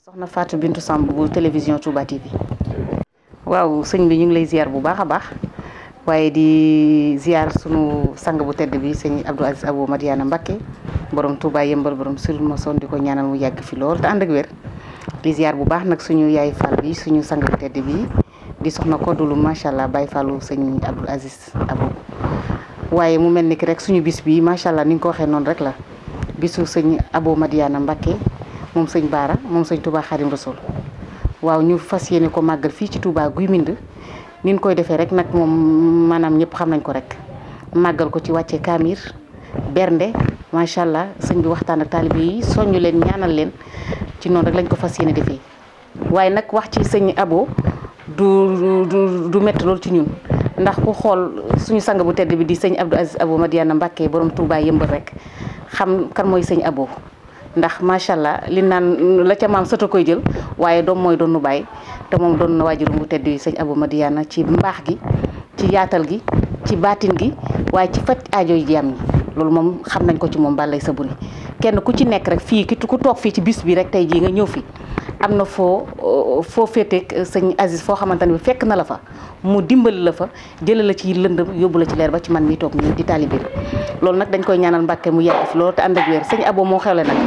soxna Fatou bintu Samb bu télévision Touba TV waaw sëñ bi ñu ngi lay ziar bu baax a baax waaye di ziar sunu sang bu tedd bi sëñ Abdou Aziz Abou Madiana Mbacké borom Touba yëmbal borom sur ma son di ko ñaanal mu yàgg fi lool te ànd di ziar bu baax nag suñu yaay Fall bi suñu sang bu tedd bi di soxna Kodulu macha allah Baye Fallu sëñ Abdou Aziz Abou waaye mu mel ni ki rek suñu bis bi macha allah ni nga ko waxee noonu rek la bisu sëñ Abou Madiana Mbacké moom sëñ Baara moom sëñ Touba Xadim Rasul waaw ñu fas yéene ko màggal fii ci Touba Guy mind nin koy defee rek nag moom maanaam ñëpp xam nañ ko rek màggal ko ci wàcce kaamir bernde macha allah sëñ bi waxtaan ak taalibe yi soññu leen ñaanal leen ci noonu rek lañ ko fas yéene defee waaye nag wax ci sëñ Abo du du du ci ñun ndax ku xool suñu sang bu tedd bi di sëñ Abdou Aziz Abo Madiana Mbacke borom Touba yëmbal rek xam kan mooy sëñ Abo ndax macha allah li naan la ca maam sota koy jël waaye doom mooy doonu bàyyi te moom doon na waajur mu tedd yi sëñ Abou Madiyana ci mbaax gi ci yaatal gi ci baatin gi waaye ci faj aajo yi jaam loolu moom xam nañ ko ci moom Balla Sabouri kenn ku ci nekk rek fii ki ku toog fii ci bis bi rek tey jii nga ñëw fi am na foo euh, foo féeteeg sëñ Aziz foo xamante ne bi fekk na la mu dimbali la fa jëlee la ci lëndëm yóbbu la ci leer ba ci man mi toog nii di taalibe loolu nag dañ koy ñaanal Mbàkke mu yàgg fi loolu te ànd ak wér moo xewle nag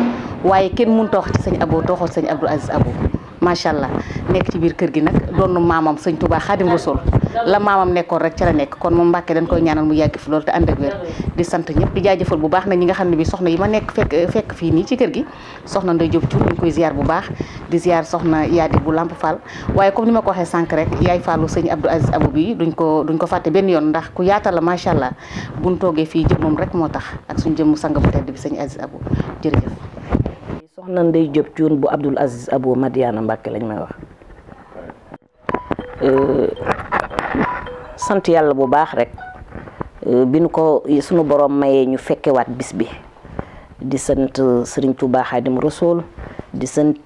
waaye kenn mun a ci sëñ Abo too xool sëñ Abdou Aziz Abo macha allah nekk ci biir kër gi nag doon maamam sëñ Touba Xaadim Rasul la maamam nekkoon rek ca la nekk kon moom Mbàkke dañ koy ñaanal mu yàgg fi loolu te ànd ak di sant ñëpp di jaajëfal bu baax na ñi nga xam ne bi soxna yi ma nekk fekk fekk fii nii ci kër gi soxna Ndey Jóob Cuur ñu bu baax di ziar soxna Yaadi bu Lamp Fall waaye comme ni ma ko waxee sànq rek yaay Fallu sëñ Abdou Aziz Abou duñ ko duñ ko fàtte benn yoon ndax ku yaatal la macha allah buñ toogee fii jëmmam rek moo tax ak suñ jëmm sang bu tedd bi sëñ Aziz Abou jërëjëf soxna Ndey Jóob Cuun bu Abdul Aziz Abo Madiana Mbàkke lañ may wax euh, sant yàlla bu baax rek euh, bi nu ko sunu borom mayee ñu fekkewaat bis bi di sant euh, Sëriñ Tuubaa Xaadimu Rasuul di sant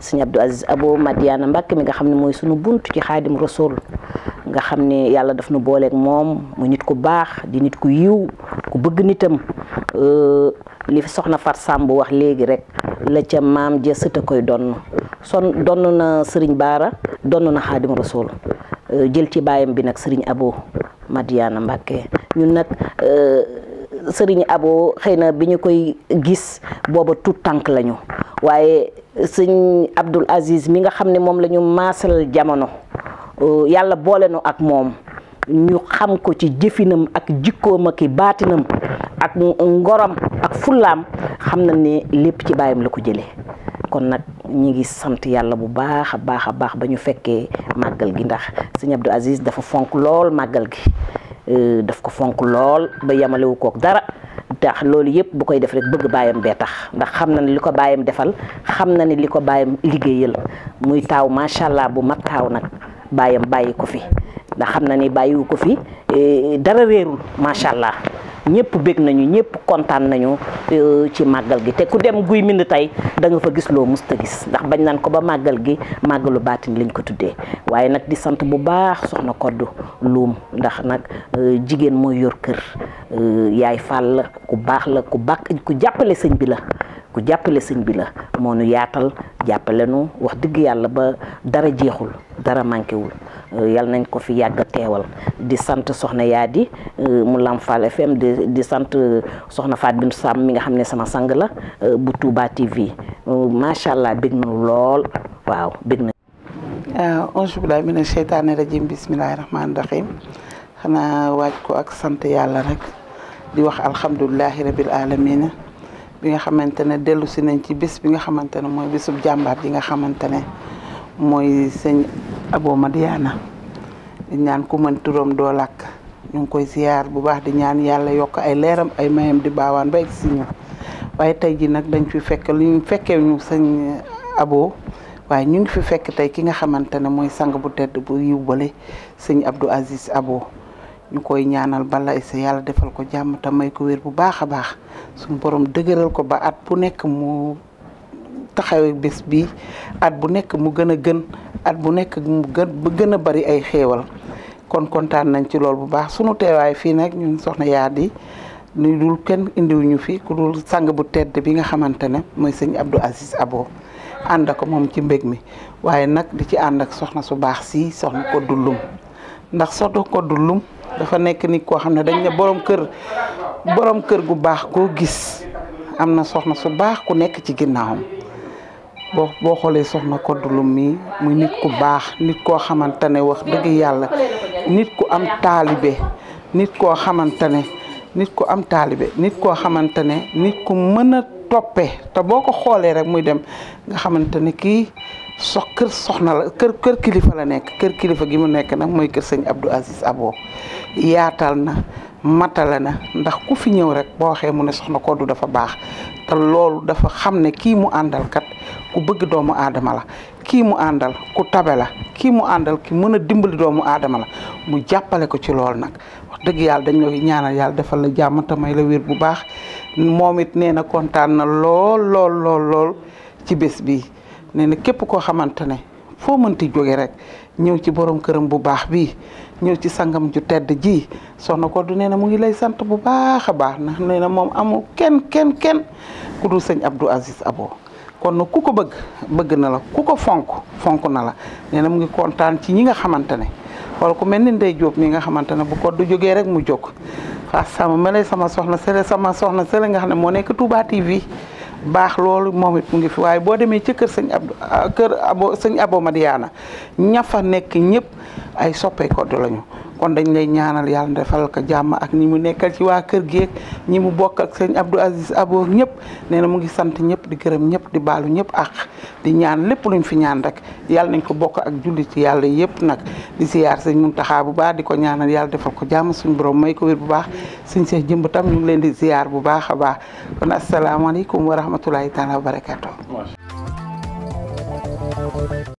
Sëriñ Abdul Aziz Abo Madiana Mbàkke mi nga xam ne mooy sunu bunt ci Xaadimu Rasuul nga xam ne yàlla daf nu booleeg moom mu nit ku baax di nit ku yiw ku bëgg nitam li soxna Far Samb wax léegi rek la ca maam ja sëta koy donn son donn na sëriñ baara donn na xaadim rasul euh, jël ci baayam bi nag sëriñ abo madiana mbàkke ñun nag euh, sëriñ abo xëy na bi ñu koy gis booba tout tànk lañu waaye sëñ abdul aziz mi nga xam ne moom lañu ñu maasal jamono euh, yàlla boole nu ak moom ñu xam ko ci jëfinam ak jikkoom ak baatinam ak ngorom ak fullaam xam na ni lépp ci baayam la ko jëlee kon nag ñi ngi sant yàlla bu baax a baax a baax ba ñu fekkee màggal gi ndax sëñ Abdou Aziz dafa fonk lool màggal gi euh, daf ko fonk lool ba yemalewu kook dara tax loolu yëpp bu koy def rek bëgg baayam bee tax ndax xam na ne li ko baayam defal xam na ni li ko baayam liggéeyal muy taaw macha allah bu mag taaw nag baayam bàyyi ko fi ndax xam na ni bàyyiwu ko fi euh, dara réerul macha allah. ñëpp bég nañu ñëpp kontaan nañu euh, ci màggal gi te ku dem guy mind tey da fa gis loo musta gis ndax bañ nañ ko ba màggal gi màggalu baatin lañ ko tuddee waaye nag di sant bu baax soxna Koddu Luum ndax nag euh, jigéen mooy yor kër euh, yaay fàll la ku baax la ku bàkk ku jàppale sëñ bi la ku jàppale sëñ bi la moo nu yaatal jàppale nu wax dëgg yàlla ba dara jeexul dara manqué wul Euh, yal nañ ko fi yàgg teewal di sant soxna Yaadi euh, mu Lamfal FM di di sant euh, soxna Faat Bintu Sam mi nga xam ne sama sang la bu Touba TV macha allah bég na lool waaw bég na. auzu ah, billaahi mina sheytaani rajiim bismillaahi rahmaani rahiim xanaa waaj ko ak sant yàlla rek di wax alhamdulilahi rabil alamina bi nga xamante ne dellu si nañ ci bés bi nga xamante ne mooy bésub jàmbaar yi nga xamante ne mooy sëñ Abo Madiyana di ñaan ku mën turam doo làkk ñu ngi koy siyaar bu baax di ñaan yàlla yokk ay leeram ay mayam di baawaan ba egg si waaye tey ji nag dañ fi fekk li ñu fekkee ñu sëñ Abo waaye ñu ngi fi fekk tey ki nga xamante ne mooy sang bu tedd bu yiw bale sëñ Abdou Aziz Abo ñu koy ñaanal bala isa yàlla defal ko jàmm te may ko wér bu baax a baax suñu borom dëgëral ko ba at bu nekk mu taxawee bés bi at bu nekk mu gën a gën at bu nekk mu gën ba gën a bari ay xéewal kon kontaan nañ ci lool bu baax sunu teewaay fii nag ñun soxna yaa ñu kenn indiwuñu fi ku dul bu tedd bi nga xamante ne mooy sëñ Abdou Aziz Abo ànd ko moom ci mbég mi waaye nag di ci ànd ak soxna su baax sii soxna ko ndax soxna ko dullum dafa nekk nit koo xam ne dañ ne borom kër borom kër gu baax koo gis am na soxna su baax ku nekk ci ginnaawam boo boo xoolee soxna Koddu Lum mii muy nit ku baax nit koo xamante wax dëgg yàlla nit ku am taalibe nit koo xamante ne nit ku am taalibe nit koo xamante ne nit ku mën a toppe te boo rek muy dem nga xamante ne so kër soxna la kër kër kilifa la nekk kër kilifa gi mu Abdou Aziz Abo yaatal na matale na ndax ku fi ñëw rek boo waxee mu ne soxna Koddu dafa baax te loolu dafa mu andal kat ku bëgg doomu aadama la kii mu àndal ku tabe la kii mu àndal ki mën a dimbali doomu aadama la mu jàppale ko ci lool nag dëgg yàlla dañ la ñaanal yàlla defal la jàmm te may la wér bu baax moom it nee na kontaan na lool lool lool ci bés bi nee na képp koo xamante ne foo ti jóge rek ñëw ci borom këram bu baax bi ñëw ci sangam ju tedd ji soxna ko du nee na mu ngi lay sant bu baax a baax ndax nee na moom amu kenn kenn kenn ku du sëñ Abdou Aziz Abo kon ku ko bëgg bëgg na la ku ko fonk fonk na la nee na mu ngi kontaan ci ñi nga xamante ne wala ku mel ni Ndey Jóob mi nga xamante ne bu ko du jógee rek mu jóg waaw sama ma sama soxna sële sama soxna sële nga xam ne moo nekk Touba TV baax loolu moom it mu ngi fi waaye boo demee ci kër sëñ ab kër abo sëñ abo Madiana ña fa nekk ñëpp ay soppee koddu lañu kon dañ lay ñaanal yàlla defal ko jàmm ak ñi mu nekkal ci waa kër gi ñi mu bokk ak sëñ Abdou Aziz Abo ñëpp nee na mu ngi sant ñëpp di gërëm ñëpp di baalu ñëpp ak di ñaan lépp luñ fi ñaan rek yàlla nañ ko bokk ak julli ci yàlla yëpp nag di siyaar sëñ Muntaxa bu baax di ko ñaanal yàlla defal ko jàmm suñu borom may ko wér bu baax suñ seex jëmb tam ñu ngi leen di siyaar bu baax a baax kon asalaamaaleykum wa rahmatulahi taala wa barakaatu.